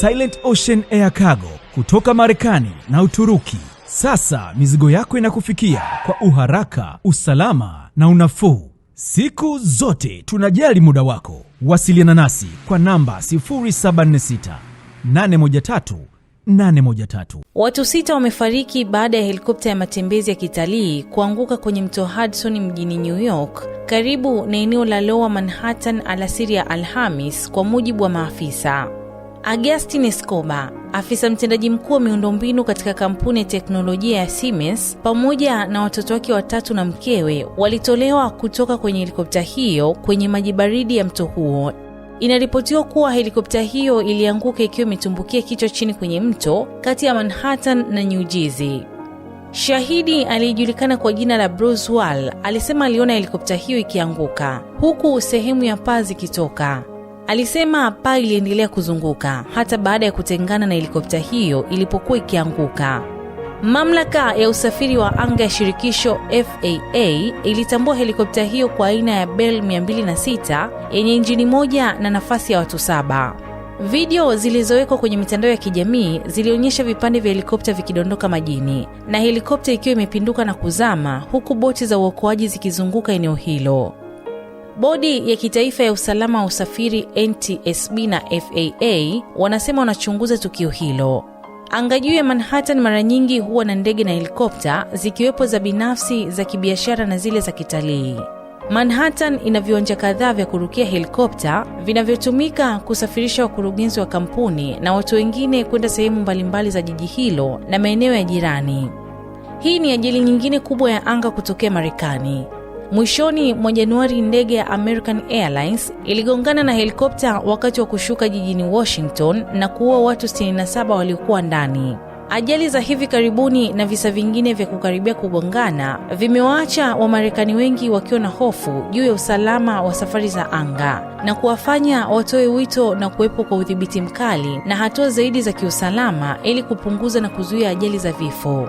Silent Ocean Air Cargo kutoka Marekani na Uturuki. Sasa mizigo yako inakufikia kwa uharaka, usalama na unafuu. Siku zote tunajali muda wako. Wasiliana nasi kwa namba 076 813 813. Watu sita wamefariki baada ya helikopta ya matembezi ya kitalii kuanguka kwenye mto Hudson mjini New York karibu na eneo la Lower Manhattan alasiri ya Alhamis, kwa mujibu wa maafisa. Agustin Escoba, afisa mtendaji mkuu wa miundombinu katika kampuni ya teknolojia ya Siemens, pamoja na watoto wake watatu na mkewe, walitolewa kutoka kwenye helikopta hiyo kwenye maji baridi ya mto huo. Inaripotiwa kuwa helikopta hiyo ilianguka ikiwa imetumbukia kichwa chini kwenye mto kati ya Manhattan na New Jersey. Shahidi aliyejulikana kwa jina la Bruce Wall alisema aliona helikopta hiyo ikianguka huku sehemu ya paa zikitoka. Alisema paa iliendelea kuzunguka hata baada ya kutengana na helikopta hiyo ilipokuwa ikianguka. Mamlaka ya usafiri wa anga ya shirikisho FAA ilitambua helikopta hiyo kwa aina ya Bell 206 yenye injini moja na nafasi ya watu saba. Video zilizowekwa kwenye mitandao ya kijamii zilionyesha vipande vya helikopta vikidondoka majini na helikopta ikiwa imepinduka na kuzama huku boti za uokoaji zikizunguka eneo hilo. Bodi ya kitaifa ya usalama wa usafiri NTSB na FAA wanasema wanachunguza tukio hilo. Anga juu ya Manhattan mara nyingi huwa na ndege na helikopta zikiwepo za binafsi, za kibiashara na zile za kitalii. Manhattan ina viwanja kadhaa vya kurukia helikopta vinavyotumika kusafirisha wakurugenzi wa kampuni na watu wengine kwenda sehemu mbalimbali za jiji hilo na maeneo ya jirani. Hii ni ajali nyingine kubwa ya anga kutokea Marekani. Mwishoni mwa Januari, ndege ya American Airlines iligongana na helikopta wakati wa kushuka jijini Washington na kuua watu 67 waliokuwa ndani. Ajali za hivi karibuni na visa vingine vya kukaribia kugongana vimewaacha Wamarekani wengi wakiwa na hofu juu ya usalama wa safari za anga na kuwafanya watoe wito na kuwepo kwa udhibiti mkali na hatua zaidi za kiusalama ili kupunguza na kuzuia ajali za vifo.